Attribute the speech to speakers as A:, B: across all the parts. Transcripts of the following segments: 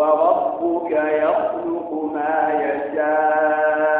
A: وربك يخلق ما يشاء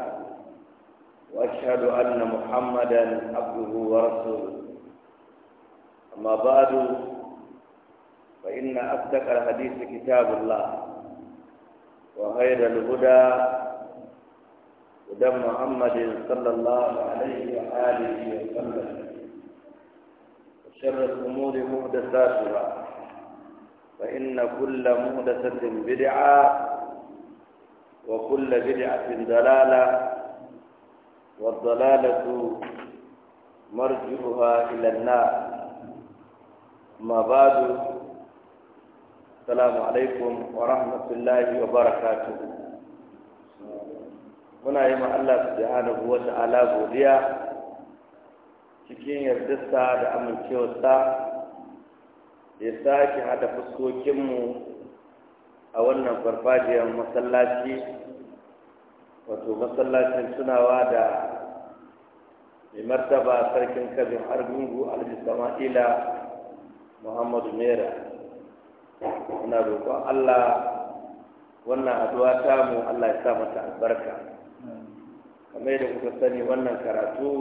B: واشهد ان محمدا عبده ورسوله اما بعد فان اصدق الحديث كتاب الله وخير الهدى هدى محمد صلى الله عليه واله وسلم وشر الامور محدثاتها فان كل محدثه بدعه وكل بدعه ضلاله والضلالة مرجعها إلى النار ما بعد السلام عليكم ورحمة الله وبركاته muna yi Allah subhanahu wa ta'ala godiya cikin yardarsa da amincewarsa ya sake hada fuskokinmu a wannan farfajiyar masallaci wato masallacin tunawa da mai martaba sarkin kabin argungu alhaji ila muhammadu mera muna roƙon allah wannan addu'a tamu allah ya sa mata albarka kamar yadda kuka sani wannan karatu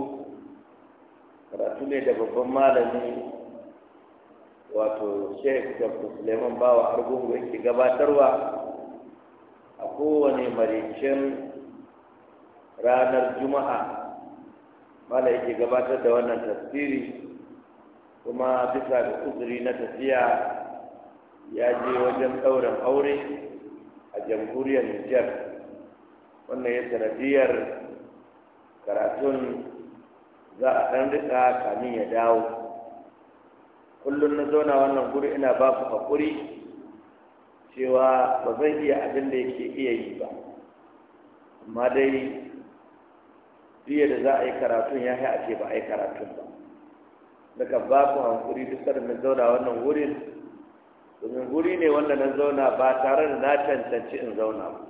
B: karatu ne da babban malami wato sheikh da suleiman bawa argungu yake gabatarwa a kowane maricin ranar juma'a mala yake gabatar da wannan tafsiri kuma bisa ga uzuri na tafiya ya je wajen ɗauren aure a jamhuriyar nijar wannan ya sanadiyar karatun za a ɗan riƙa kamin ya dawo kullum na zauna wannan guri ina ba ku haƙuri cewa ba zan iya abin da yake iya yi ba amma dai jiya da za a yi karatun ya a ce ba a yi karatun ba daga ba ku hankuri duk da na zauna wannan wurin domin wuri ne wanda na zauna ba tare da na cancanci in zauna ba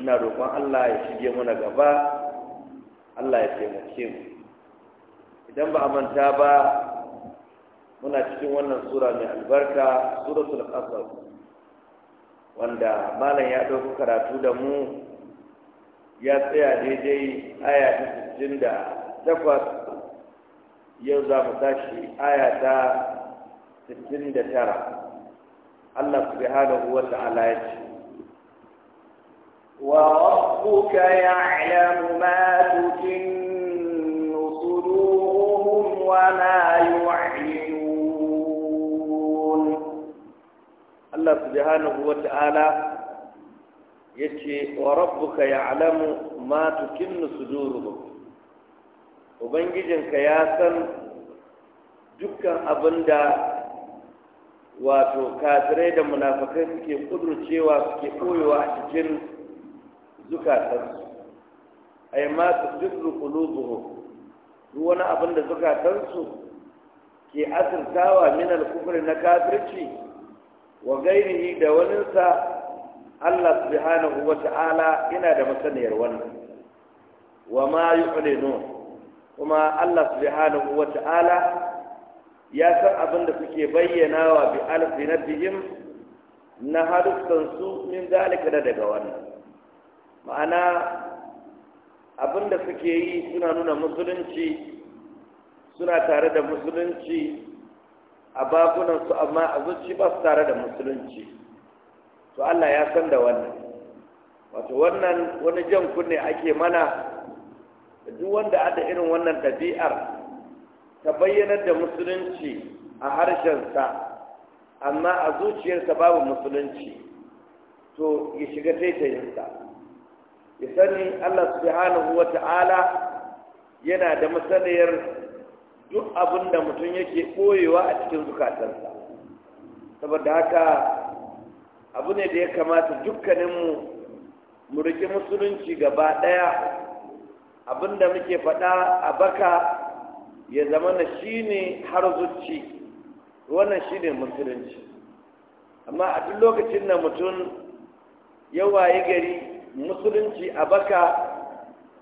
B: ina roƙon Allah ya shige mana gaba Allah ya taimake mu idan ba a manta ba muna cikin wannan sura mai albarka suratul qasas wanda malam ya ɗauki karatu da mu ya tsaya daidai aya ta sittin da takwas yau za mu tashi aya ta sittin da tara Allah su bi hada wa ta'ala ya ce
A: wa rabbuka ya'lamu ma tukinnu suduruhum wa ma yu'linun Allah subhanahu
B: wa ta'ala yace wa rabbuka ya'lamu ma tukinnu suduruhum ubangijinka ya san dukkan abinda wato kafirai da munafikai suke kudurcewa suke koyewa a cikin zukatansu ai ma tukinnu qulubuhum duk wani abin da zukatansu ke asirtawa min al-kufri na kafirci wa gairihi da waninsa Allah subhanahu wa ta'ala ina da masaniyar wannan wa ma yu'linu kuma Allah subhanahu wa ta'ala ya san abin da suke bayyana wa bi alfinatihim na harsunan su min zalika da daga wannan ma'ana abin da suke yi suna nuna musulunci suna tare da musulunci a bakunansu amma a zuci ba su tare da musulunci to Allah ya san da wannan wato wannan wani jan kunne ake mana duk wanda ada irin wannan tabi'ar ta bayyanar da musulunci a harshen sa, amma a zuciyarsa babu musulunci to ya shiga taitayinsa ya sani Allah subhanahu wa ta'ala yana da masaniyar duk abinda da mutum yake ɓoyewa a cikin zukatansa saboda haka abu ne da ya kamata dukkaninmu mu riƙi musulunci gaba ɗaya abinda muke faɗa a baka ya zama na shi ne har zuci wannan shi ne musulunci amma a duk lokacin da mutum ya waye gari musulunci a baka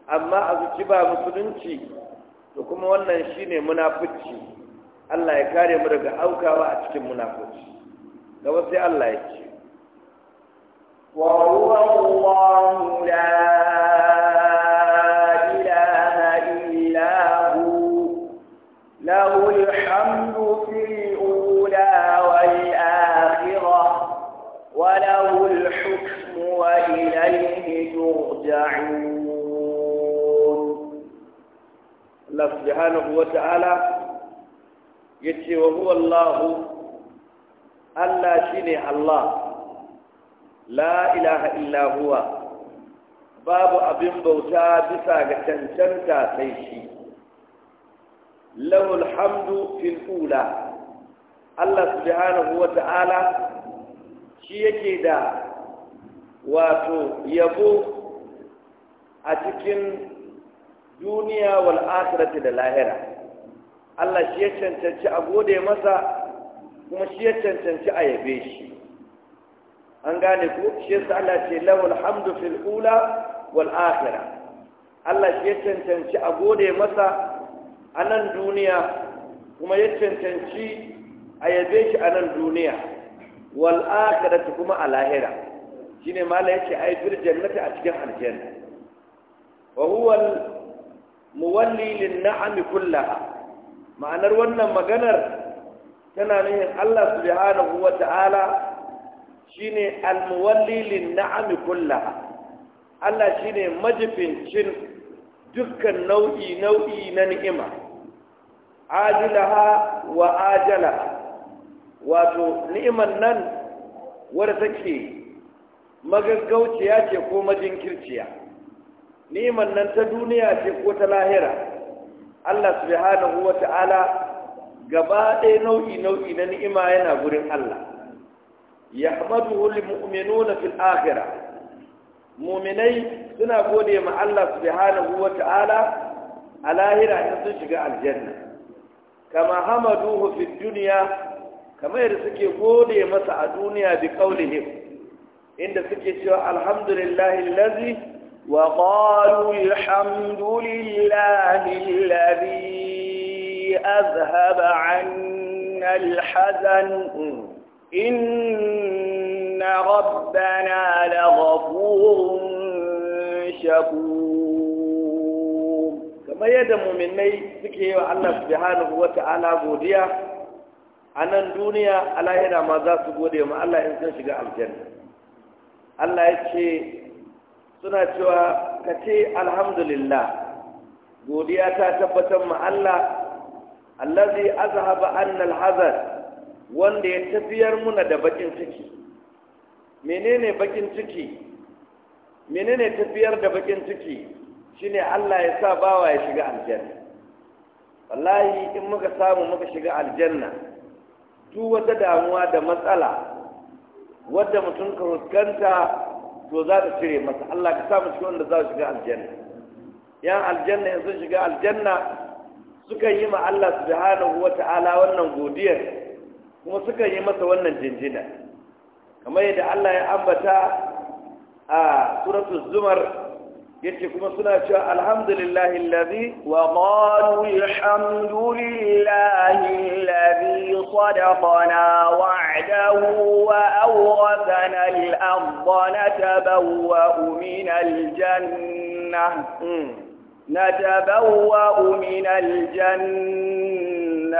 B: amma a zuci ba musulunci to kuma wannan shi ne munafuci Allah ya kare mu daga aukawa a cikin munafuci gaba sai Allah ya ce
A: وهو الله لا إله إلا هو له الحمد في الأولى والآخرة وله الحكم وإليه ترجعون الله سبحانه وتعالى
B: يتي وهو الله الله شنه الله la ilaha illa huwa babu abin bauta bisa ga cancanta sai shi lahul hamdu fil ula Allah subhanahu wa ta'ala shi yake da wato yabo a cikin duniya wal akhirati da lahira Allah shi ya cancanci a gode masa kuma shi ya cancanci a yabe shi an gane ku shi yasa Allah ce lahul hamdu fil ula wal Allah shi ya cancanci a gode masa a nan duniya kuma ya cancanci a yabe shi a nan duniya wal akhirati kuma a lahira shine mala yace ai fil jannati a cikin aljanna wa huwa muwalli lin na'ami kullaha ma'anar wannan maganar tana nuna, Allah subhanahu wa ta'ala shine almuwalli lin na'ami kullaha Allah shine majifincin dukkan nau'i nau'i na ni'ima ajilaha wa ajala, wato ni'iman nan wadda take magaggauciya ce ko majinkirciya Ni'iman nan ta duniya ce ko ta lahira Allah subhanahu wa ta'ala gaba ɗaya nau'i nau'i na ni'ima yana gurin Allah يحمده المؤمنون في الآخرة مؤمني سنة قولي مع الله سبحانه وتعالى على هنا تشجع الجنة كما حمدوه في الدنيا كما يرسكي قولي مسع الدنيا بقولهم
A: إن سكي الحمد لله الذي وقالوا الحمد لله الذي أذهب عنا الحزن إن ربنا da شكور كما يدى مؤمني سكي الله سبحانه وتعالى بوديا
B: a nan duniya alahira ma za su gode ma Allah in sun shiga aljanna Allah ya ce suna cewa kace alhamdulillah godiya ta tabbatar ma Allah allazi azhaba anna alhazan wanda ya tafiyar muna da bakin ciki menene bakin ciki menene tafiyar da bakin ciki shine Allah ya sa bawa ya shiga aljanna wallahi in muka samu muka shiga aljanna duk wata damuwa da matsala wadda mutum ka fuskanta to za ta cire masa Allah ka sa mu wanda za su shiga aljanna yan aljanna yanzu shiga aljanna suka yi ma Allah subhanahu wata'ala wannan godiyar kuma suka yi masa wannan jinjina kamar yadda Allah ya ambata a suratul zumar yace kuma suna cewa
A: alhamdulillahi allazi wa qalu alhamdulillahi allazi sadaqana wa'dahu wa awrathana al-ardha natabawwa min al-jannah نتبوأ hmm.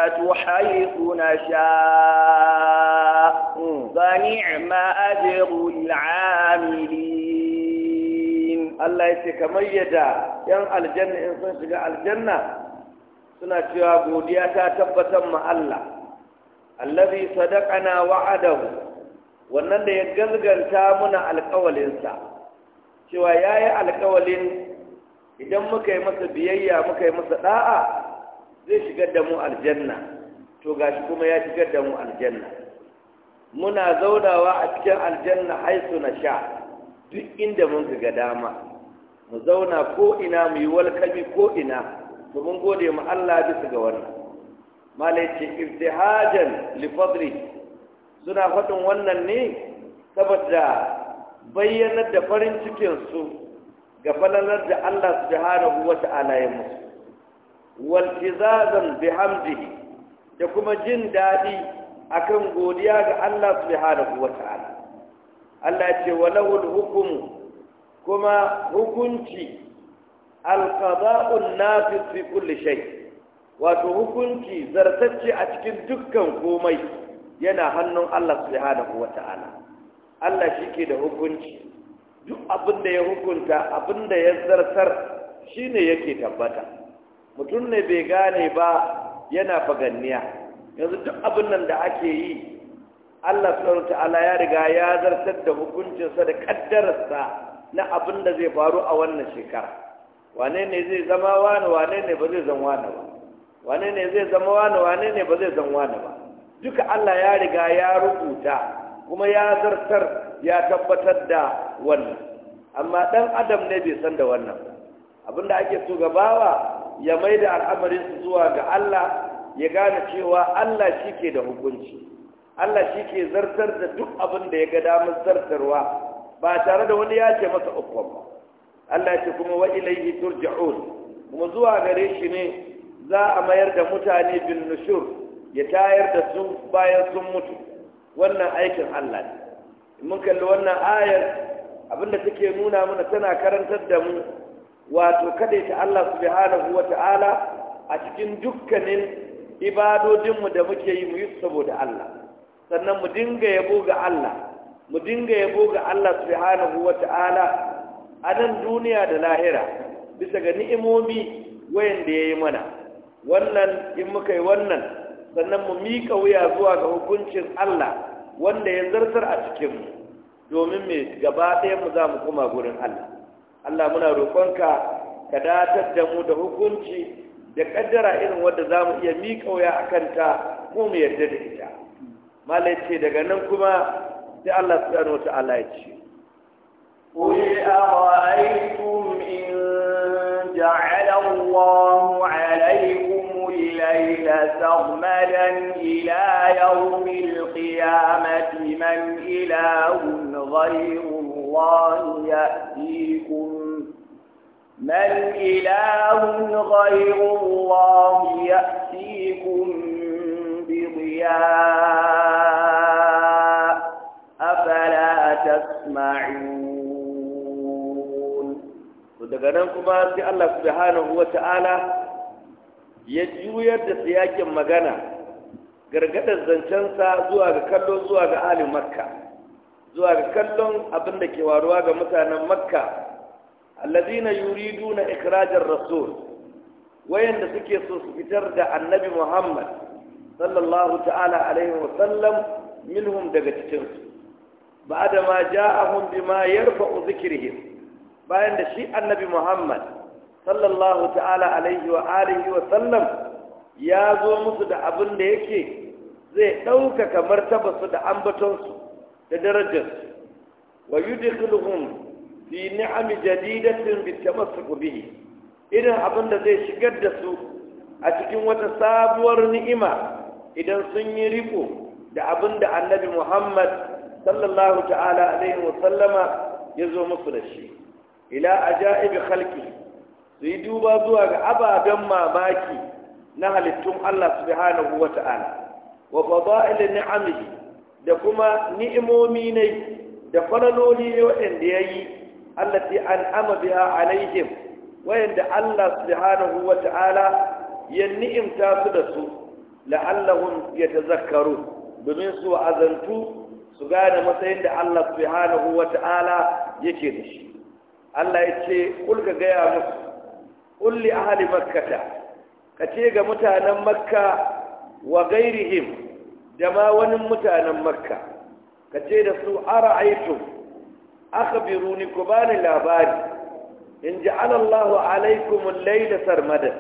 A: الجنة حيث نشاء فنعم أجر العاملين الله 'yan ين
B: الجنة إن صنع الجنة suna cewa godiya ta tabbatar ma Allah allazi na wa'adahu wannan da ya gazganta mana alƙawalinsa cewa yayi alƙawalin idan muka yi masa biyayya muka yi masa ɗa'a. zai shigar da mu aljanna to gashi kuma ya shigar da mu aljanna muna zaunawa a cikin aljanna haisu na sha duk inda mun ga dama mu zauna ko ina mu yi walkami ko ina to mun gode mu Allah bisa ga wannan malai ce irtihajan li fadli suna faɗin wannan ne saboda bayyanar da farin cikin su ga falalar da Allah subhanahu wata'ala ya musu waltizazan bihamdihi da kuma jin daɗi akan godiya ga Allah subhanahu wata'ala Allah ce walahul hukum kuma hukunci alqada'un nafis fi kulli shay wato hukunci zartacce a cikin dukkan komai yana hannun Allah subhanahu wata'ala Allah shike da hukunci duk abin da ya hukunta abin da ya zartar shine yake tabbata mutum ne bai gane ba yana faganniya yanzu duk abin nan da ake yi Allah subhanahu ta'ala ya riga ya zartar da hukuncinsa da kaddararsa na abin da zai faru a wannan shekara wane ne zai zama wani wane ne ba zai zama wani ba wane ne zai zama wani wane ne ba zai zama wani ba duka Allah ya riga ya rubuta kuma ya zartar ya tabbatar da wannan amma dan adam ne bai san da wannan abinda ake so gabawa ya mai da al'amarinsu zuwa ga Allah ya gane cewa Allah shi ke da hukunci Allah shi ke zartar da duk abin da ya ga damar zartarwa ba tare da wani ya ce masa ukwan ba Allah ce kuma wa ilaihi turja'un kuma zuwa gare shi ne za a mayar da mutane bin nushur ya tayar da su bayan sun mutu wannan aikin Allah ne mun kalli wannan ayar abinda take nuna mana tana karantar da mu wato ta Allah subhanahu ta'ala a cikin dukkanin ibadodinmu da muke yi mu yi saboda Allah sannan mu dinga yabo ga Allah mu dinga yabo ga Allah subhanahu wata'ala a nan duniya da lahira bisa ga ni'imomi wayanda yayi mana wannan in muka yi wannan sannan mu mika wuya zuwa ga hukuncin Allah wanda ya zartar a cikinmu domin me gaba ɗaya mu za mu koma gurin Allah Allah muna roƙonka ka datar da mu da hukunci da ƙaddara irin wadda za mu iya miƙa wuya a kanta ko mu yarda da ita malai ce daga nan kuma sai Allah yano ta Allah ya ce
A: قل أرأيتم إن جعل الله لتغمدن إلى يوم القيامة من إله غير الله يأتيكم من إله غير الله يأتيكم بضياء أفلا تسمعون ودقنا كما الله
B: سبحانه وتعالى ya juyar da siyakin magana gargadar zancensa zuwa ga kallon zuwa ga alin makka zuwa ga kallon abin da ke waruwa ga mutanen makka allazina yuriduna ikirajen rasul wayanda suke so su fitar da annabi muhammad sallallahu ta'ala alaihi wa sallam minhum daga cikinsu ba'da ma ja'ahum bima yarfa'u zikrihim bayan da shi annabi muhammad sallallahu ta'ala alaihi wa alihi wa sallam ya zo musu da abin da yake zai ɗaukaka su da ambatonsu da darajarsu wa yudkhiluhum fi ni'ami jadidatin bi ku bihi irin abin da zai shigar da su a cikin wata sabuwar ni'ima idan sun yi riko da abin da annabi Muhammad sallallahu ta'ala alaihi wa sallama ya zo musu da shi ila ajaibi khalqihi su yi duba zuwa ga ababen mamaki na halittun Allah subhanahu wa ta'ala wa fada'ilin ni'amihi da kuma ni'imomi ne da falaloli ne waɗanda ya yi alaihim wayanda Allah subhanahu wa ta'ala ya ni'imta su da su la'allahum zakaru domin su azantu su gane matsayin da Allah subhanahu wa ta'ala yake da shi Allah ya ce kulka gaya musu kulli ahli makkata ka ce ga mutanen makka wa gairihim da ma wani mutanen makka ka ce da su ara'aytum ni ku bani labari in ja'ala Allahu alaykum al sarmada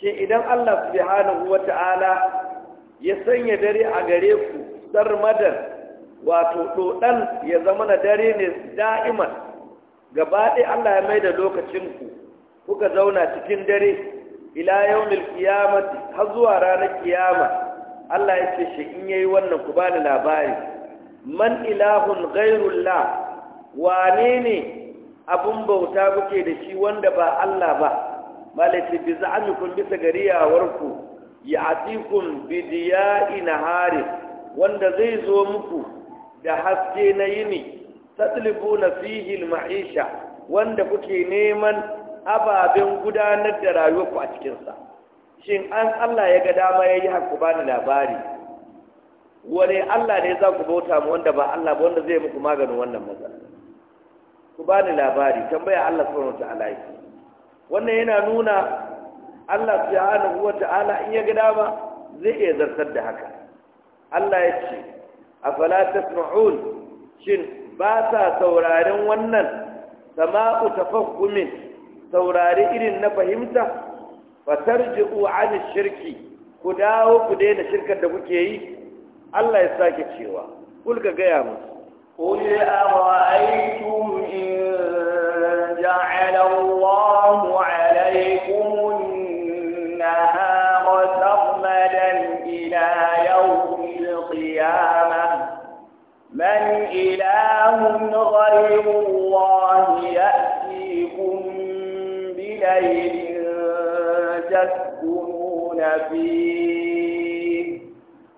B: shi idan Allah subhanahu ta'ala ya sanya dare a gare ku sarmadan wato dodan ya zama na dare ne da'iman gaba ɗaya Allah ya maida lokacin ku kuka zauna cikin dare ila yawmil qiyamati har zuwa ranar kiyama Allah ya ce shi in yayi wannan ku bani labari man ilahun ghairullah wane ne abun bauta kuke da shi wanda ba Allah ba malaiti bi za'amikum bisa ku. ya'tikum bi diya'i nahari wanda zai zo muku da haske na yini tatlibuna fihi al-ma'isha wanda kuke neman ababen gudanar da rayuwarku a cikinsa shin an Allah ya ga dama ya yi haku ba ni labari Wani Allah ne za ku bauta mu wanda ba Allah ba wanda zai muku maganin wannan matsala ku ba ni labari tambaya Allah subhanahu ta'ala yake wannan yana nuna Allah subhanahu wata'ala in ya ga dama zai iya zartar da haka Allah ya ce afala tasma'un shin ba sa sauraren wannan sama'u tafakkumin saurari irin na fahimta fa tarji'u 'ala shirki ku dawo ku daina shirkar da kuke yi Allah ya sake cewa ga gaya musu
A: قل أرأيتم in ja'ala Allahu 'alaykum النهار سرمدا ila yawmil qiyamah من إله غير الله يأتيكم شيء تسكنون فيه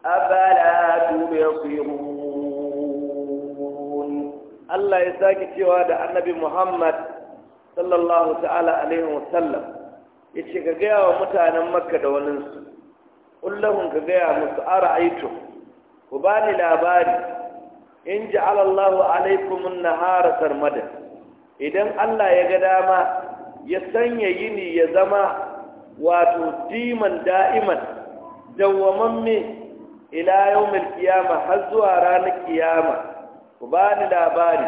A: أفلا تبصرون الله يساك سوى النبي محمد صلى الله تعالى عليه
B: وسلم yace ka gaya wa mutanen makka da waninsu Kullum ka gaya musu ara aito ku ba ni labari in ji alallahu alaikum nahara sarmada idan allah ya ga dama ya sanya yini ya zama wato diman da'iman dawwamamme ila yawmil qiyama har zuwa ranar kiyama ku bani labari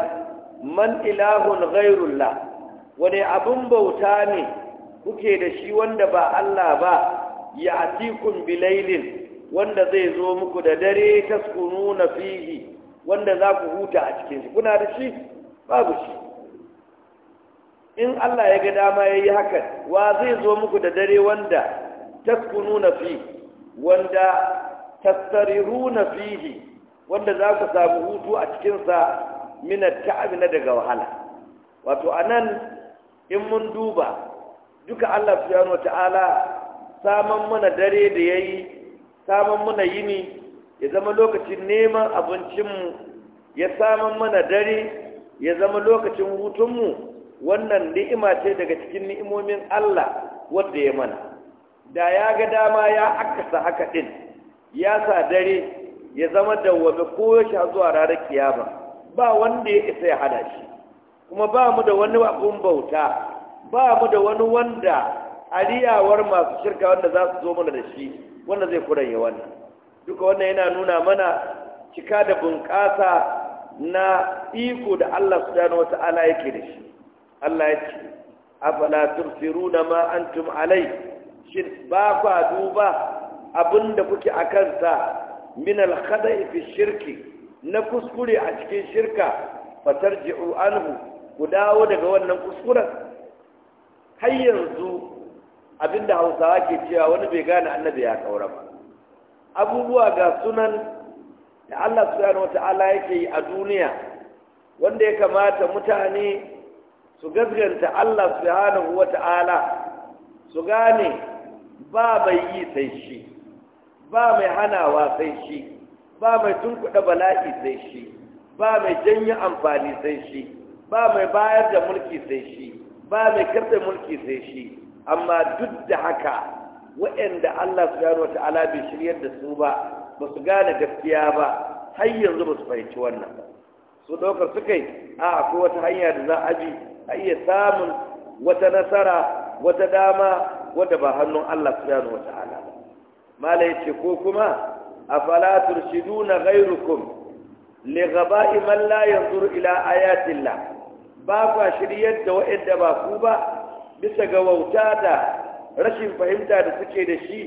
B: man ilahun ghairullah wani abun bauta ne kuke da shi wanda ba Allah ba ya atikun bilailin wanda zai zo muku da dare taskununa fihi wanda za ku huta a cikin shi kuna da shi babu shi in Allah ya ga dama ya yi hakan wa zai zo muku da dare wanda taskununa fi wanda tastariruna fihi wanda za ku samu hutu a cikinsa minar ta'abi na daga wahala wato anan, in mun duba duka Allah subhanahu wa ta'ala saman mana dare da ya yi saman mana yini ya zama lokacin neman abincinmu ya saman mana dare ya zama lokacin hutunmu wannan ni'ima ce daga cikin ni'imomin Allah wanda ya mana da ya ga dama ya akasa haka din ya sa dare ya zama dawwame ko ya sha zuwa ranar kiyama ba wanda ya isa ya hada shi kuma ba mu da wani abun bauta ba mu da wani wanda ariyawar masu shirka wanda za su zo mana da shi wanda zai kuranye wannan duka wannan yana nuna mana cika da bunƙasa na iko da Allah subhanahu wata'ala yake da shi Allah ya ce afala tubsiruna ma antum alai shin ba ku duba abinda kuke akan sa min al-khada'i shirki na kuskure a cikin shirka fatarji'u anhu ku dawo daga wannan kuskuren har yanzu abinda Hausawa ke cewa wani bai gane annabi ya kaura ba abubuwa ga sunan da Allah subhanahu wata'ala yake yi a duniya wanda ya kamata mutane su gaskanta Allah subhanahu wata'ala su gane ba mai yi sai shi ba mai hanawa sai shi ba mai tunkuɗa bala'i sai shi ba mai janye amfani sai shi ba mai bayar da mulki sai shi ba mai karɓe mulki sai shi amma duk da haka waɗanda Allah subhanahu wata'ala bai shiryar da su ba ba su gane gaskiya ba har yanzu ba su fahimci wannan su ɗaukar su kai a akwai wata hanya da za a bi a iya samun wata nasara wata dama wadda ba hannun Allah subhanahu wata'ala ba mala yace ko kuma afala turshiduna ghayrukum li ghaba'i man la yanzuru ila ayatillah ba ku shiryar da wa'anda ba ku ba bisa ga wauta da rashin fahimta da suke da shi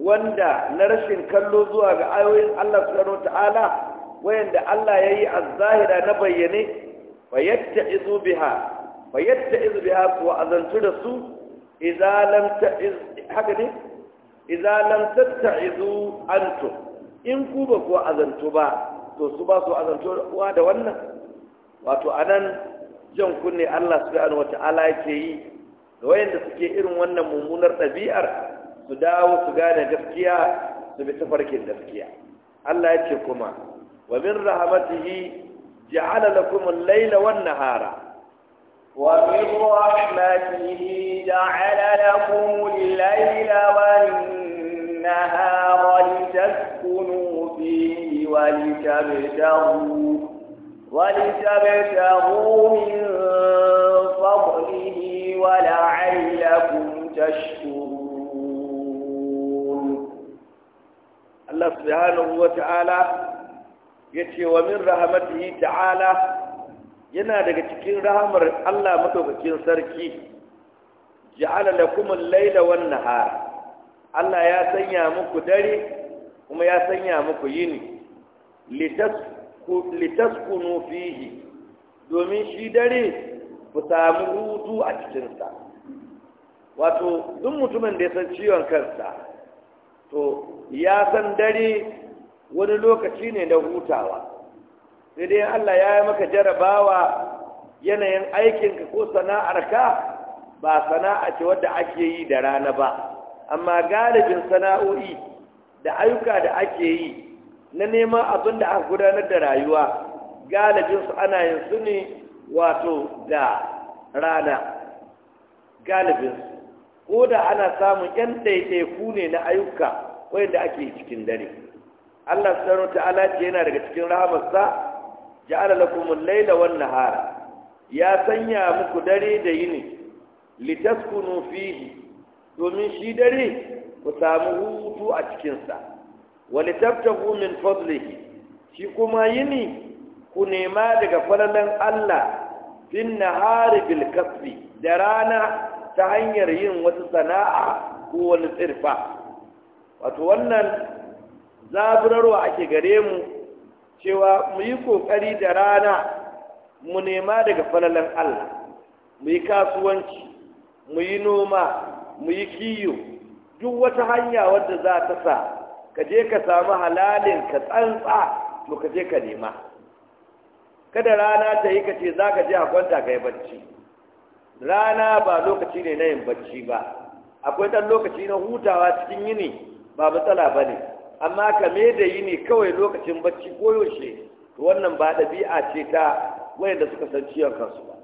B: wanda na rashin kallo zuwa ga ayoyin Allah subhanahu wata'ala wayanda Allah yayi zahira na bayyane fayatta'izu biha fa yadda iz biha kuwa azantu da su idza lam ta'iz haka ne idza lam tatta'izu antum in ku ba ku azantu ba to su ba su azantu da wannan wato anan jan kunne Allah subhanahu wata'ala yake yi ga wayanda suke irin wannan mummunar ɗabi'ar su dawo su gane gaskiya su bi tafarkin gaskiya Allah ya ce kuma wa min rahmatihi ja'ala lakum al-laila wan-nahara
A: ومن رحمته جعل لكم الليل والنهار لتسكنوا فيه ولتبتغوا ولتبتغوا من فضله ولعلكم تشكرون
B: الله سبحانه وتعالى يتي ومن رحمته تعالى yana daga cikin rahamar Allah madaukakin sarki ja'ala da al-laila wan nahar Allah ya sanya muku dare kuma ya sanya muku yini litaskunu fihi domin shi dare ku samu hutu a cikinsa wato duk mutumin da ya san ciwon kansa to ya san dare wani lokaci ne na hutawa sai Allah ya yi maka jarabawa yanayin aikinka ko sana'arka ba sana'a ce wadda ake yi da rana ba amma galibin sana'o'i da ayyuka da ake yi na neman abin da aka gudanar da rayuwa galibin su ana yin su ne wato da rana galibin ko da ana samun yan ɗaiɗaiku ne na ayyuka wanda ake cikin dare Allah sanar ta ta'ala ce yana daga cikin rahamarsa ja'ala lakum al-layla wan-nahara ya sanya muku dare da yini litaskunu fihi domin shi dare ku samu hutu a cikinsa wani tabtabu min fadlihi shi kuma yini ku nema daga falalan Allah fin nahari bil kasbi da rana ta hanyar yin wata sana'a ko wani tsirfa wato wannan zaburarwa ake gare mu cewa mu yi ƙoƙari da rana mu nema daga falalan Allah mu yi kasuwanci mu yi noma mu yi kiyo duk wata hanya wadda za ta sa ka je ka samu halalin ka tsantsa to ka je ka nema kada rana ta yi ka ce za ka je a kwanta ka yi bacci rana ba lokaci ne na yin bacci ba akwai ɗan lokaci na hutawa cikin yini ba matsala ba ne amma ka me da yi ne kawai lokacin bacci koyaushe, to wannan ba ɗabi'a ce ta wanda suka san ciwon kansu ba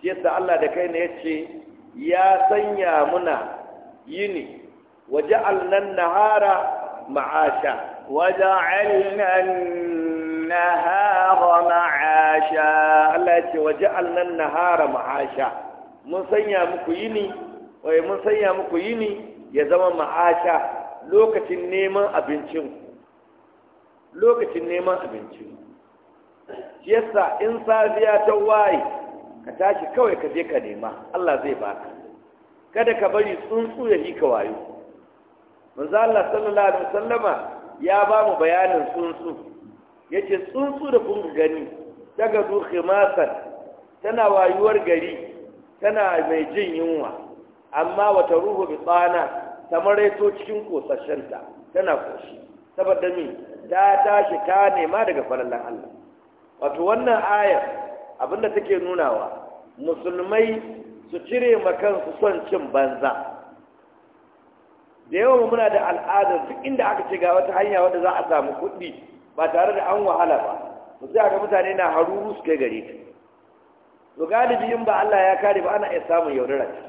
B: shi yasa Allah da kai ne yace ya sanya
A: muna yini waja'alna an-nahara ma'asha waja'alna an-nahara ma'asha Allah ya ce waja'alna an-nahara ma'asha mun sanya muku yini
B: wai mun sanya muku yini ya zama ma'asha lokacin neman abincin lokacin neman abincin shi yasa in safiya ta waye ka tashi kawai ka je ka nema Allah zai baka kada ka bari tsuntsu ya yi ka wayo manzo Allah sallallahu alaihi wasallama ya ba mu bayanin tsuntsu yace tsuntsu da kun gani daga zu khimasan tana wayuwar gari tana mai jin yunwa amma wata ruhu bi tsana ta maraito cikin kosashenta tana koshi saboda me ta tashi ta nema daga falallan Allah wato wannan Aya, abinda take nunawa musulmai su cire su son cin banza da yawan muna da al'adar duk inda aka ce ga wata hanya wadda za a samu kuɗi ba tare da an wahala ba su sai aka mutane na haruru su kai gare ta to galibi in ba Allah ya kare ba ana iya samun yaudara ce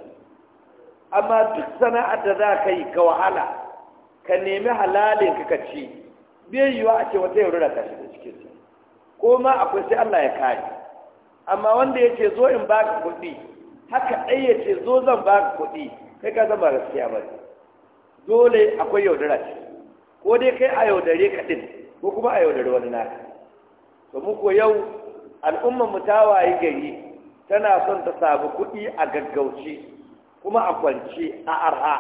B: amma duk sana'ar da za ka yi ka wahala ka nemi halalin ka ci bai yiwa a ce wata da kashi da cikin su ko ma akwai sai Allah ya kare amma wanda ya ce zo in baka kuɗi haka ɗai ya ce zo zan baka kuɗi kai ka zama gaskiya ba dole akwai yaudara ce ko dai kai a yaudare ka ɗin ko kuma a yaudare wani naka to muku yau al'ummar mu ta wayi gari tana son ta samu kuɗi a gaggauci kuma a kwance a arha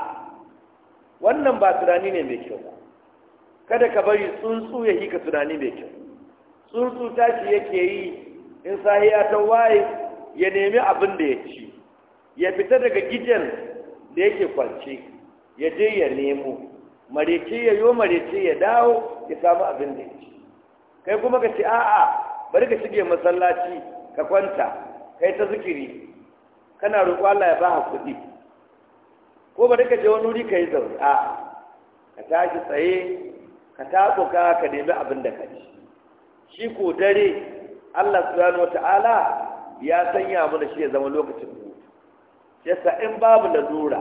B: wannan ba tunani ne mai kyau ba kada ka bari tsuntsu ya yi ka tunani mai kyau tsuntsu ta ce yake yi in sahiya ta waye ya nemi abin da ya ci ya fita daga gidan da yake kwance ya je ya nemo marece ya yo marece ya dawo ya samu abin da ya ci kai kuma ka ce a'a bari ka shige masallaci ka kwanta kai ta zikiri kana roƙo Allah ya baka kuɗi ko ba ka je wani wuri ka yi zaune a ka tashi tsaye ka tabuka ka nemi abin da ka ci shi ko dare Allah subhanahu wata'ala ya sanya mana shi ya zama lokacin hutu yasa in babu lalura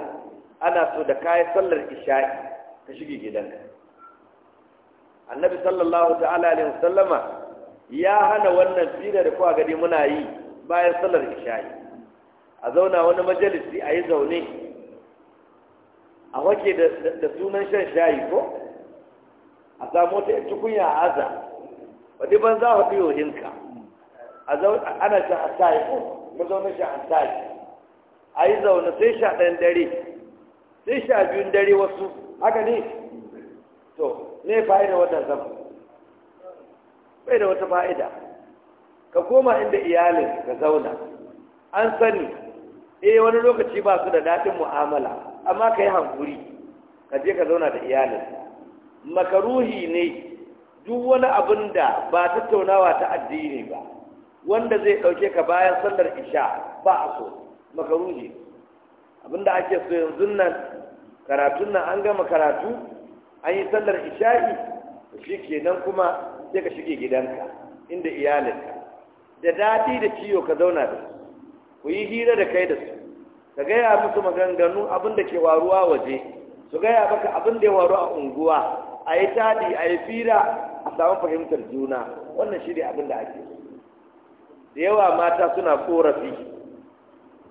B: ana so da kayi sallar isha'i ka shige gidanka annabi sallallahu ta'ala alaihi wasallama ya hana wannan fira da kuwa gadi muna yi bayan sallar isha'i a zauna wani majalisi a yi zaune a wake da sunan shan shayi ko a samu wata yanci kunya a aza wadda ban za a haɗi yohinka ana shan asayi ko mazaunin shan asayi a yi zaune sai sha ɗan dare sai sha biyun dare wasu haka ne to ne fa'ida wata zama bai da wata fa'ida ka koma inda iyalin ka zauna an sani eh wani lokaci ba su da daɗin mu'amala amma ka yi hankuri ka je ka zauna da iyalin
A: makaruhi
B: ne duk wani abin da ba tattaunawa ta addini ba wanda zai ɗauke ka bayan sallar isha ba a so makaruhi abin ake so yanzu nan karatun nan an gama karatu an yi sallar isha'i shi kenan kuma sai ka shige gidanka inda iyalinka da daɗi da ciwo ka zauna da su ku yi hira da kai da su ka gaya musu maganganu abin da ke waruwa waje su gaya maka abin da ya waru a unguwa a yi taɗi a yi fira a samu fahimtar juna wannan shi ne abin da ake da yawa mata suna korafi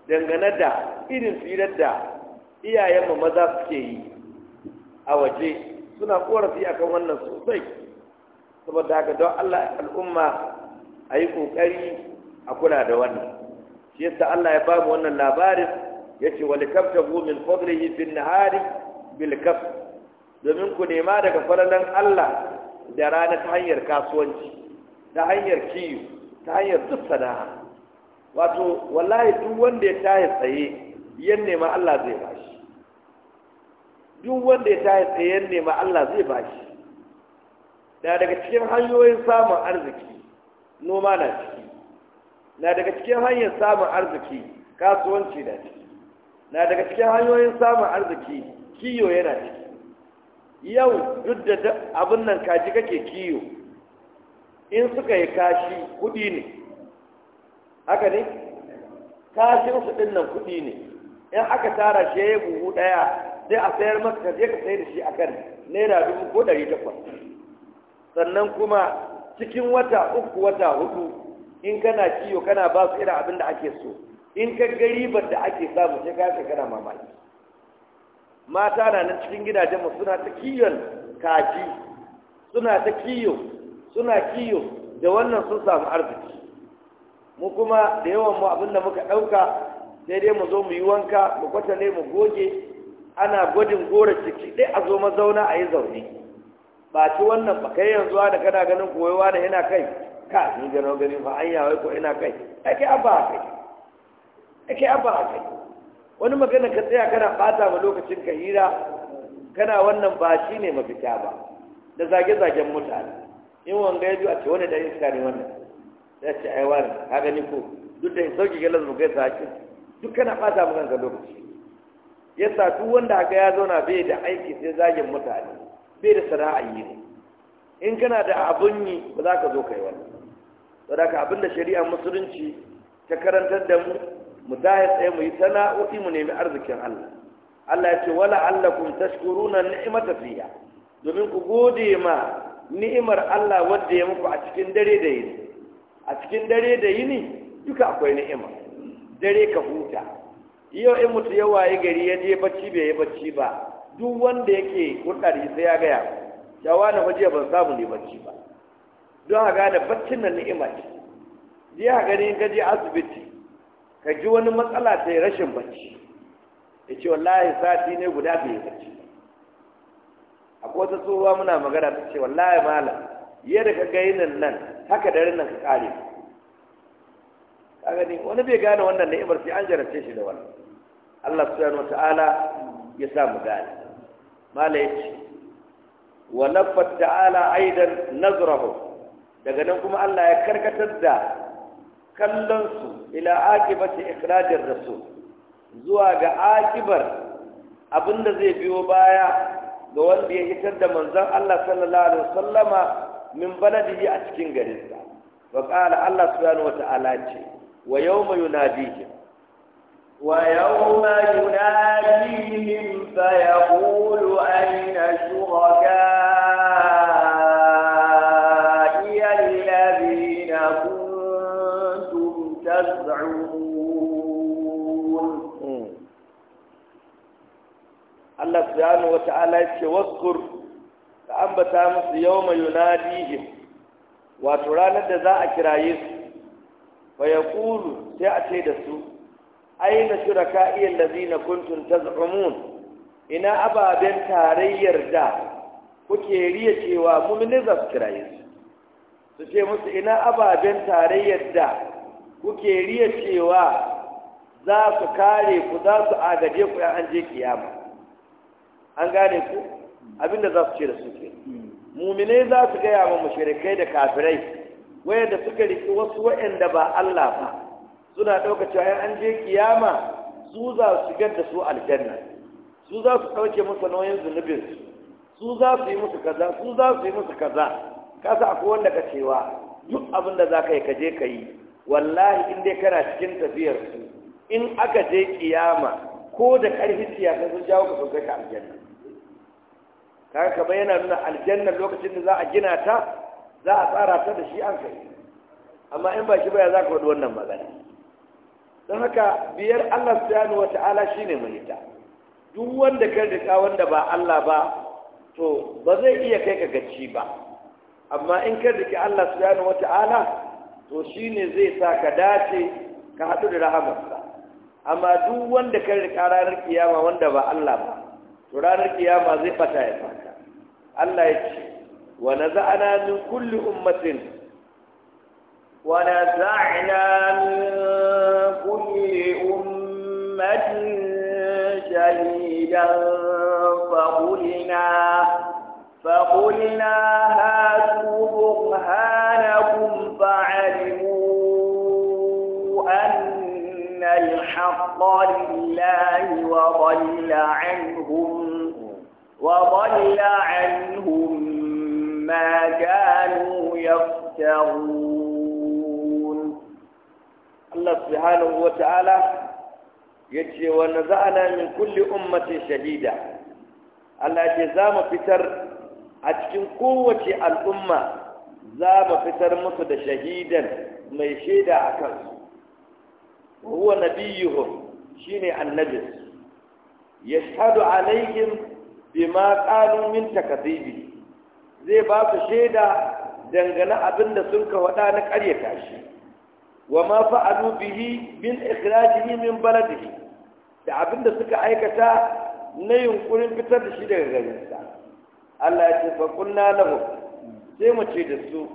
B: dangane da irin firar da iyayenmu maza suke yi a waje suna korafi akan wannan sosai saboda haka don allah al'umma a yi ƙoƙari a kula da wannan shi yasa Allah ya bamu wannan labarin yace wal kaftahu min fadlihi fin nahari bil kaf domin ku nema daga falalan Allah da rana ta hanyar kasuwanci ta hanyar kiyu, ta hanyar duk sana'a wato wallahi duk wanda ya tahi tsaye yan nema Allah zai bashi duk wanda ya tahi tsaye yan nema Allah zai bashi da daga cikin hanyoyin samun arziki noma na ciki na daga cikin hanyar samun arziki kasuwanci na ciki na daga cikin hanyoyin samun arziki kiyo yana ciki yau duk da abin nan kaji kake kiyo in suka yi kashi kudi ne haka ne kashinsu ɗin nan kudi ne in aka tara shi ya yi buhu ɗaya sai a sayar maka ka je ka sayar da shi akan naira dubu ko ɗari takwas sannan kuma cikin wata uku wata hudu in kana ciyo kana ba su irin abin da ake so in ka ba da ake samu sai ka kana mamaki mata na nan cikin gidajen mu suna ta kiyon kaji suna ta kiyo suna kiyo da wannan sun samu arziki mu kuma da yawan mu abin da muka ɗauka sai dai mu zo mu yi wanka mu kwatale mu goge ana gwadin gora ciki ɗai a zo mazauna a yi zaune ba ci wannan ba kai yanzu da kana ganin koyowa da yana kai ka ni gano gani fa an yawai ko ina kai ake abba a kai ake abba a kai wani magana ka tsaya kana bata ma lokacin ka hira kana wannan ba shi ne mafita ba da zage-zagen mutane in wanga ya ji a ce wani da iska ne wannan ya ce ai wani ka gani ko duk da sauki galas mu gaisa ake duk kana bata ma kanka lokaci yasa duk wanda aka ya zauna bai da aiki sai zagin mutane bai da sana'a yi ne in kana da abun yi ba za ka zo ka yi wani saboda da shari'a musulunci ta karantar da mu mu tahi tsaye mu yi sana'o'i mu nemi arzikin Allah Allah ya ce wala allakum tashkuruna ni'mata fiha domin ku gode ma ni'imar Allah wanda ya muku a cikin dare da yini a cikin dare da yini duka akwai ni'ima dare ka huta yau in mutu ya waye gari ya je bacci bai yi bacci ba duk wanda yake hudari sai ya gaya shawa na waje ban samu ne bacci ba don a gane baccin na ni'ima ce je a gani ka je asibiti ka ji wani matsala ta yi rashin bacci ya ce wallahi sati ne guda bai yi bacci akwai ta tsohuwa muna magana ta ce wallahi malam yadda ka gani nan nan haka da nan ka kare ka gani wani bai gane wannan ni'imar sai an jarabce shi da wannan Allah subhanahu wata'ala ya sa mu gane mala ce wa naffat ta'ala aidan nazrahu daga nan kuma Allah ya karkatar da kallonsu ila akibati ikhrajir rasul zuwa ga akibar abinda zai biyo baya ga wanda ya hitar da manzon Allah sallallahu alaihi wasallama min baladihi a cikin garinsa wa qala Allah subhanahu ta'ala ce wa yawma yunadihim
A: wa yawma yunadihim fa yaqulu ayna shuraka
B: Allah subhanahu wata ya ce waskur ka ambata musu yawma yunadihim wato ranar da za a kiraye su fa Kulu sai a ce da su ai na iya lazi na kuntun ta taz'umun ina ababen tarayyar da kuke riya cewa ne za su kiraye su su ce musu ina ababen tarayyar da kuke riya cewa za su kare ku za su agaje ku an je kiyama an gane ku abinda za su ce da su ke muminai za su gaya wa mashirikai da kafirai wayanda suka riki wasu wayanda ba Allah ba suna ɗauka cewa 'Yan an je kiyama su za su shigar da su aljanna su za su ɗauke musu nauyin zunubin su za su yi musu kaza su za su yi musu kaza kasa akwai wanda ka cewa duk abin da za ka yi ka je ka yi wallahi in dai kana cikin tafiyar su in aka je kiyama ko da ƙarfi siyasa sun jawo ka sun ka aljanna kaga kama yana nuna aljanna lokacin da za a gina ta za a tsara ta da shi an kai amma in ba shi baya za ka faɗi wannan magana don haka biyar Allah subhanahu wata'ala shine mahita duk wanda ka rika wanda ba Allah ba to ba zai iya kai ka gaci ba amma in ka riki Allah subhanahu wata'ala to shine zai sa ka dace ka haɗu da rahamarsa amma duk wanda ka rika ranar kiyama wanda ba Allah ba to ranar kiyama zai fata ya fa الله يجي ونزعنا من كل أمة
A: ونزعنا من كل أمة شهيدا فقلنا فقلنا هاتوا برهانكم فعلموا أن الحق لله وضل عنهم وضل عنهم ما كانوا يفترون الله سبحانه وتعالى يجي ونزعنا من كل أمة
B: شهيدة الله يجزام فتر أتكن قوة الأمة زام فتر مصد شهيدا ما يشهد أكنسو وهو نبيهم شيني النبي يشهد عليهم bima qalu min takdibi zai ba su shaida dangane abin da sun ka wada na ƙaryata shi wa ma fa'alu bihi min ikhrajihi min baladihi da abin da suka aikata na yunkurin fitar da shi daga garinsa Allah ya ce fa kunna lahu sai mu ce da su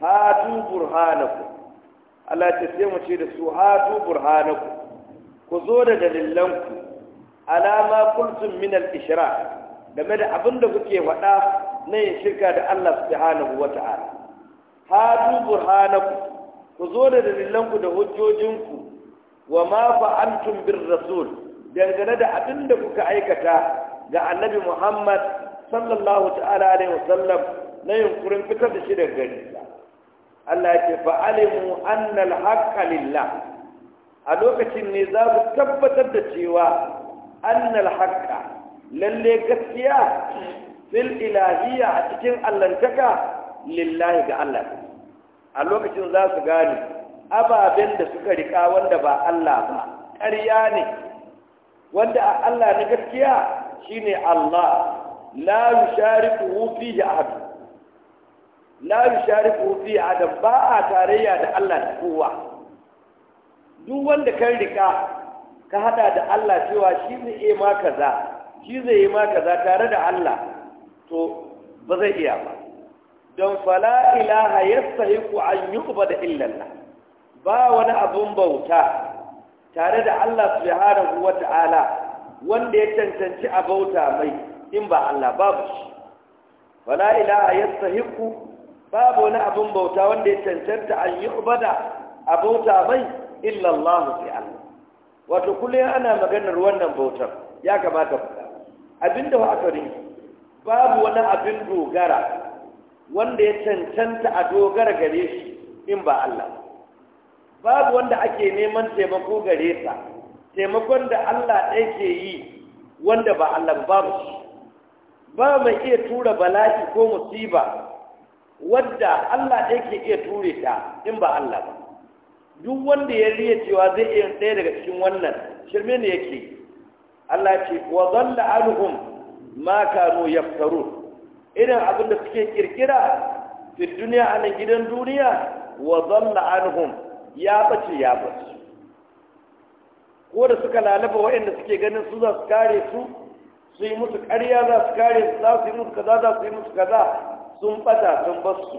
B: hatu burhanaku Allah ya ce sai mu ce da su hatu burhanaku ku zo da dalilanku alama kuntum min al-ishraq game da abin da kuke faɗa na yin shirka da Allah subhanahu wa ta'ala hadu burhanaku ku zo da dalilanku da hujjojinku wa ma fa'antum bir rasul dangane da abin da kuka aikata ga annabi Muhammad sallallahu ta'ala alaihi wasallam na yunkurin fitar da shi daga gari Allah ya ce fa'alimu anna al-haqqa lillah a lokacin ne za ku tabbatar da cewa annal haqqa lalle gaskiya fil ilahiyya a cikin allantaka lillahi ga Allah a lokacin za su gane ababen da suka rika wanda ba Allah ba ƙarya ne wanda a Allah na gaskiya shine Allah la yushariku fihi ahad la yushariku fihi ahad ba a tarayya da Allah da kowa duk wanda kan rika ka hada da Allah cewa shi ne eh ma kaza shi zai yi ma kaza tare da Allah to ba zai iya ba don fala ilaha ku an ba da illalla ba wani abun bauta tare da Allah su subhanahu wata'ala wanda ya cancanci a bauta mai in ba Allah babu shi fala ilaha ku babu wani abun bauta wanda ya cancanta an yuqbada a bauta mai illallah su yi Allah wato kullum ana maganar wannan bautar ya kamata da wa babu wani abin dogara wanda ya cancanta a dogara gare shi in ba Allah babu wanda ake neman taimako gare sa taimakon da Allah ɗaya ke yi wanda ba Allah babu shi ba mai iya tura bala'i ko musiba wadda Allah ɗaya ke iya ture ta in ba Allah ba duk wanda ya riya cewa zai iya ɗaya daga cikin wannan shirme ne yake Allah ce wa zalla anhum ma kanu yaftarun irin abin da suke kirkira fi duniya a nan gidan duniya wa zalla anhum ya bace ya bace ko da suka lalaba waɗanda suke ganin su za su kare su su yi musu ƙarya za su kare su za su yi musu kaza za su yi musu kaza sun bata sun bar su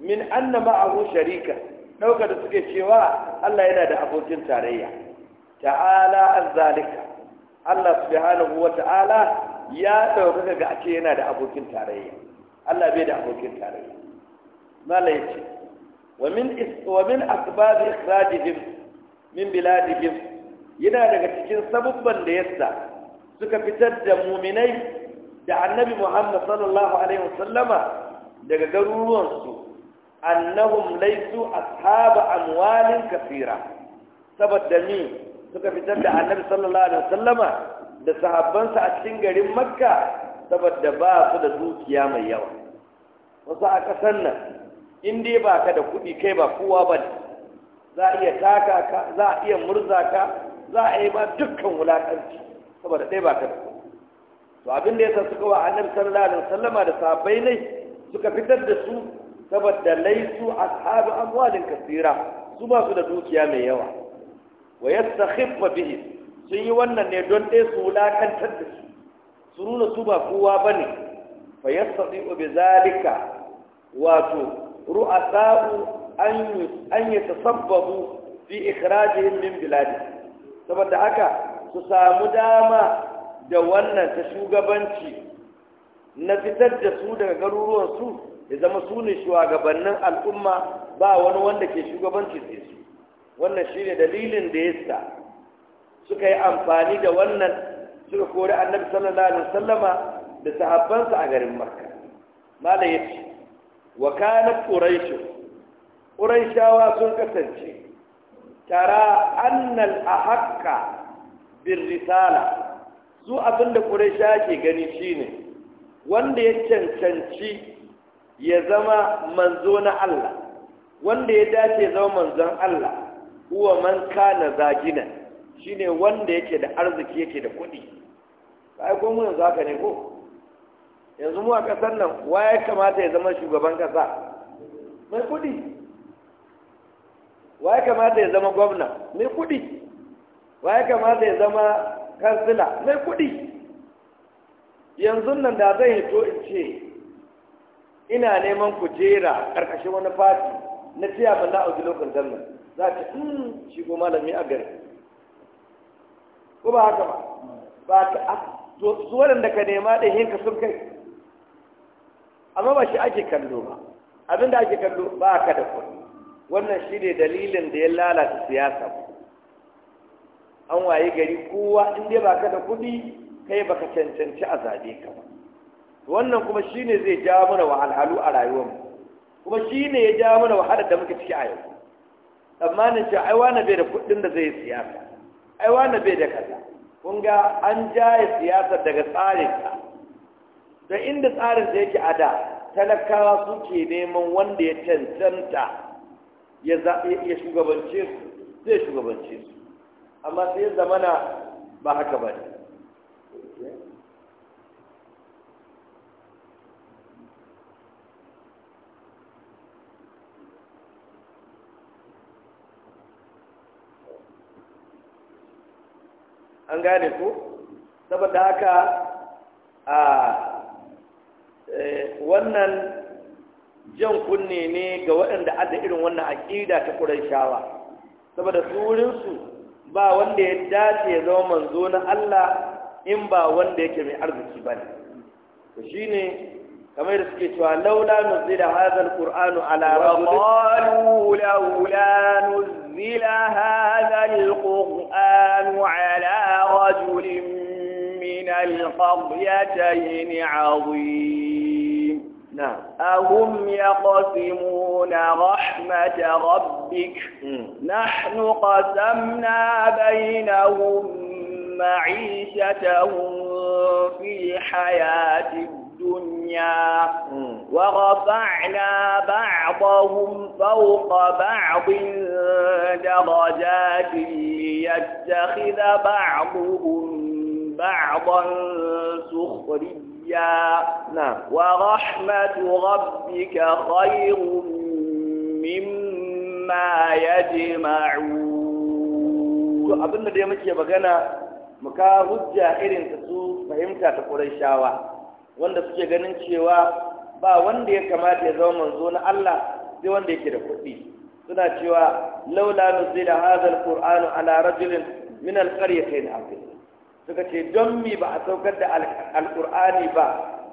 B: min anna ma'ahu sharika ɗauka da suke cewa Allah yana da abokin tarayya ta'ala an zalika Allah subhanahu ta'ala ya ɗaukaka ga ake yana da abokin tarayya Allah bai da abokin tarayya malai ce wa min wa min asbab ikhrajihim min biladihim yana daga cikin sabubban da yasa suka fitar da muminai da annabi Muhammad sallallahu alaihi wasallama daga garuruwansu annahum laysu ashaba amwalin kasira saboda ni suka fitar da annabi sallallahu alaihi wasallama da sahabbansa a cikin garin makka saboda ba su da dukiya mai yawa wasu a ƙasar nan in dai ba ka da kuɗi kai ba kowa ba ne za a iya taka ka za a iya murza ka za a yi ba dukkan wulaƙanci saboda ɗaya ba ka da kuɗi to abin da ya sa suka wa annabi sallallahu alaihi wasallama da sahabbai ne suka fitar da su saboda laisu ashabu amwalin kasira su ba su da dukiya mai yawa wa yastakhiffa bihi sun yi wannan ne don dai su wulakantar da su su nuna su ba kowa bane fa yastati'u bi zalika wato ru'asa'u an an yatasabbabu fi ikhrajihim min biladi saboda aka su samu dama da wannan ta shugabanci na fitar da su daga garuruwan su ya zama su shugabannin al'umma ba wani wanda ke shugabanci sai su wannan shi ne dalilin da yasa suka yi amfani da wannan suka kori annabi sallallahu alaihi wasallama da sahabbansa a garin makka malam yace wa kanat quraish quraishawa sun kasance tara annal ahaqqa bir risala su abinda quraisha ke gani shine wanda ya cancanci ya zama manzo na Allah wanda ya dace zama manzon Allah huwa man kana zagina shine wanda yake da arziki yake da kuɗi kai ko mun zaka ne ko yanzu mu a kasar nan waye ya kamata ya zama shugaban kasa mai kuɗi waye ya kamata ya zama gwamna mai kuɗi waye ya kamata ya zama kansila mai kuɗi yanzu nan da zai hito in ce ina neman kujera ƙarƙashin wani fati na ciyaman na auki lokacin nan za ta hmm, shi ko malami a gari ko ba haka ba ba ka a ah, su waɗanda ka nema da hinka sun kai amma ba shi ake kallo ba abin da ake kallo ba ka da kuɗi wannan shi ne dalilin da ya lalata siyasa an waye gari kowa in dai ba ka da kuɗi kai ba ka cancanci a zaɓe ka ba wannan kuma shi ne zai jawo mana wahalhalu a rayuwarmu kuma shi ne ya jawo mana wahalar da muka ciki a yau tsammanin cewa ai wani bai da kuɗin da zai yi siyasa ai wani bai da kaza kun ga an jaye siyasa daga tsarin ta da inda tsarin ta yake a da talakawa suke neman wanda ya cancanta ya shugabance su zai shugabance su amma sai zamana ba haka ba ne an gane ku saboda haka a e, wannan jan kunne ne ga waɗanda adda irin wannan aƙida ta shawa saboda su ba wanda ya dace ya zama manzo na Allah in ba wanda yake mai arziki ba ne to shine kamar da suke cewa laula nuzila hadha alqur'anu ala rajulin
A: laula nuzila hadha alqur'anu ala رجل من القضيتين عظيم نعم. أهم يقسمون رحمة ربك نحن قسمنا بينهم معيشتهم في الحياة الدنيا الدنيا ورفعنا بعضهم فوق بعض درجات ليتخذ بعضهم بعضا سخريا نعم ورحمة ربك خير مما يجمعون
B: abin da dai muke مكان muka hujja irin ta su fahimta ta wanda suke ganin cewa ba wanda ya kamata ya zama manzo na Allah sai wanda yake da kuɗi suna cewa laula nuzila hadha alquran ala rajulin min alqaryatayn azim suka ce don mi ba a saukar da alqur'ani ba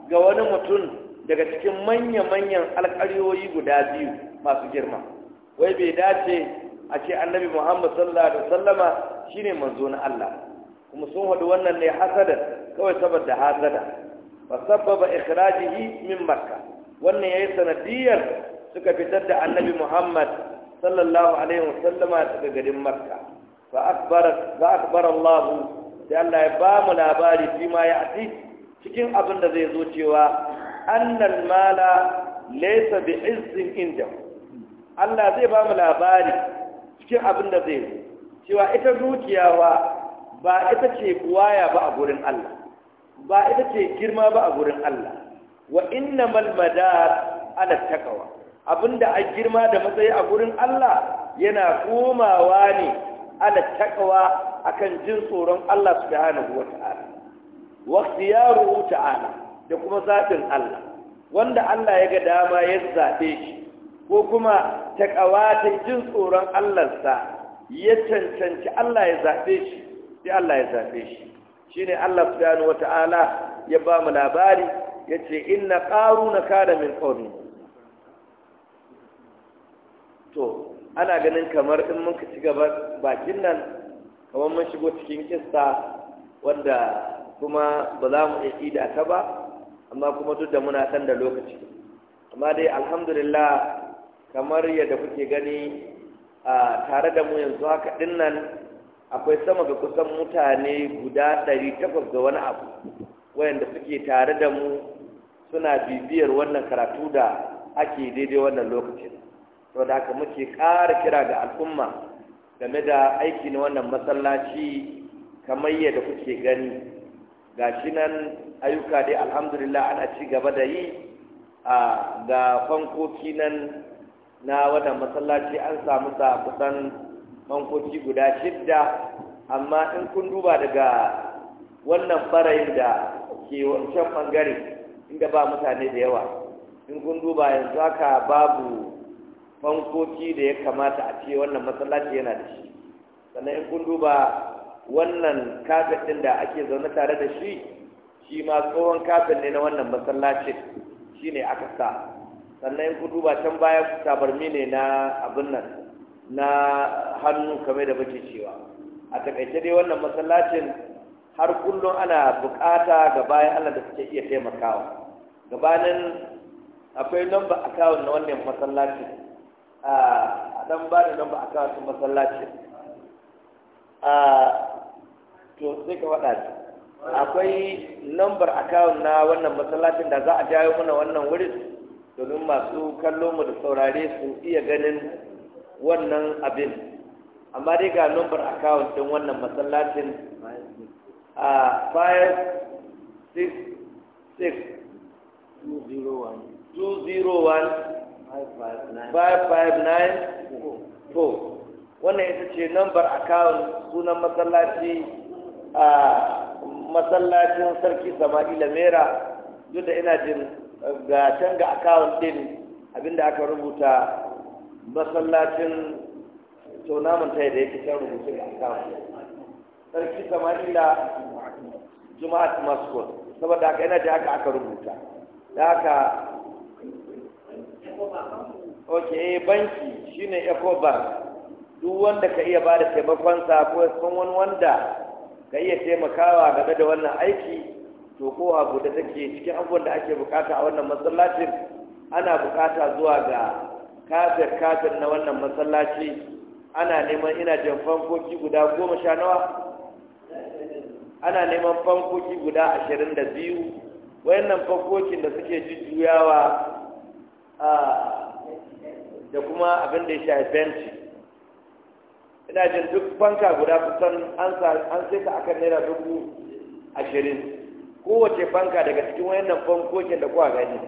B: ga wani mutum daga cikin manya-manyan alƙaryoyi guda biyu masu girma wai bai dace a ce annabi muhammad sallallahu alaihi wasallama shine manzo na Allah kuma sun haɗu wannan ne hasada kawai saboda hasada fa sabbaba ikhrajihi min makka wannan yayi sanadiyyar suka fitar da annabi muhammad sallallahu alaihi wasallama daga garin makka fa akbara fa akbara allah labari cikin abin da zai zo cewa annal mala laysa bi izzin indahu Allah zai ba mu labari cikin abin da zai cewa ita dukiya ba ba ita ce buwaya ba a gurin Allah ba ita ce girma ba a gurin Allah wa innamal madar ala taqwa abinda a girma da matsayi a gurin Allah yana komawa ne ala taqwa akan jin tsoron Allah subhanahu wata'ala wa khiyaru ta'ala da kuma zatin Allah wanda Allah ya ga dama ya zabe shi ko kuma taqwa ta jin tsoron Allah sa ya cancanci Allah ya zabe shi sai Allah ya zabe shi shine Allah subhanahu wata'ala ya ba mu labari yace inna qaruna kana min qawmi to ana ganin kamar in mun ci gaba bakin nan kamar mun shigo cikin kissa wanda kuma ba za mu iya da ta ba amma kuma duk da muna san da lokaci amma dai alhamdulillah kamar yadda kuke gani a tare da mu yanzu haka dinnan akwai sama ga kusan mutane guda ɗari takwas ga wani abu wayanda suke tare da mu suna bibiyar wannan karatu da ake daidai wannan lokacin to da aka muke ƙara kira ga al'umma game da aiki na wannan masallaci kamar yadda kuke gani ga shi nan ayyuka dai alhamdulillah ana ci gaba da yi a ga fankoki nan na wannan masallaci an samu sa kusan mankoki guda shidda amma in kun duba daga wannan barayin da ke wancan bangare inda ba mutane da yawa in kun duba yanzu haka babu mankoki da ya kamata a ce wannan matsalaci yana da shi sannan in kun duba wannan kafin ɗin da ake zaune tare da shi shi ma tsohon kafin ne na wannan masallacin shi ne aka sa sannan in kun duba can baya tabarmi ne na abin nan na hannu kamar da muke cewa a takaice dai wannan masallacin har kullum ana bukata ga bayan Allah da suke iya taimakawa gabanin akwai lamba akawun na wannan masallacin a dan ba da lamba akawun sun masallacin a to sai ka wada shi akwai lambar akawun na wannan masallacin da za a jawo mana wannan wurin domin masu kallon mu da saurare su iya ganin wannan abin amma dai ga number account din wannan masallacin a 566 wannan ita ce number account sunan masallaci a masallacin sarki sama'ila mera duk da ina jin eh, ga can ga account din abinda aka rubuta masallacin tonamin ta da fi can rubutun a kawo sarki samanila juma'at maskur saboda aka yana da haka aka rubuta da aka ok banki shine ecobank duk wanda ka iya ba da taimakonsa ko sun wani wanda ka iya taimakawa game da wannan aiki to ko abu da take cikin abubuwan da ake bukata a wannan masallacin ana bukata zuwa ga kafir kafir na wannan masallaci ana neman ina jin fankoki guda goma sha nawa ana neman fankoki guda ashirin da biyu wayannan fankokin da suke jujjuyawa da kuma abin da ya shafi benci ina jin duk fanka guda kusan an sai ta akan naira dubu ashirin kowace fanka daga cikin wayannan fankokin da kuwa gani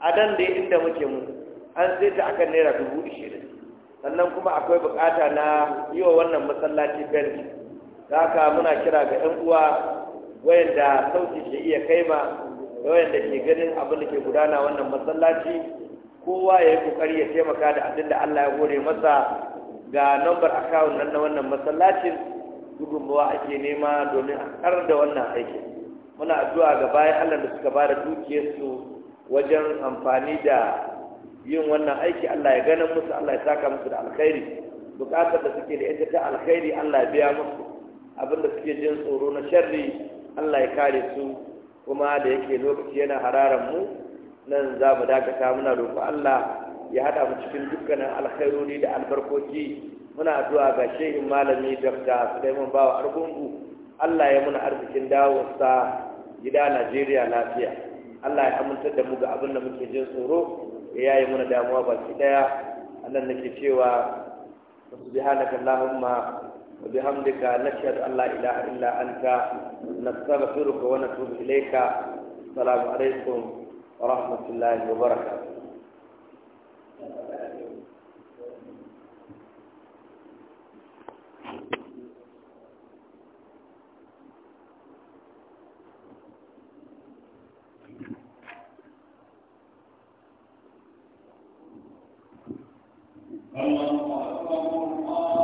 B: a dan da inda muke mu an sai ta akan naira dubu ishirin sannan kuma akwai bukata na yi wa wannan masallaci fenti da haka muna kira ga 'yan uwa wayanda sauki ke iya kaima da wayanda ke ganin abin da ke gudana wannan masallaci kowa ya yi kokari ya taimaka da abin da Allah ya gode masa ga nambar akawun nan na wannan masallacin gudunmawa ake nema domin a kar da wannan aiki muna addu'a ga bayan Allah da suka bada da dukiyarsu wajen amfani da yin wannan aiki Allah ya ganin musu Allah ya saka musu da alkhairi bukatar da suke da ita ta alkhairi Allah ya biya musu abin da suke jin tsoro na sharri Allah ya kare su kuma da yake lokaci yana hararan mu nan za mu dakata muna roƙo Allah ya haɗa mu cikin dukkanin alkhairori da albarkoki muna addu'a ga shehin malami Dr. Sulaiman Bawa Argungu Allah ya muna arzikin dawowarsa gida Najeriya lafiya Allah ya amintar da mu ga abin da muke jin tsoro ya yi mana damuwa baki daya annan nake cewa subhanaka allahumma wa bihamdika nashhadu an la ilaha illa anta nastaghfiruka wa natubu ilayka assalamu alaikum wa rahmatullahi wa barakatuh
A: Então,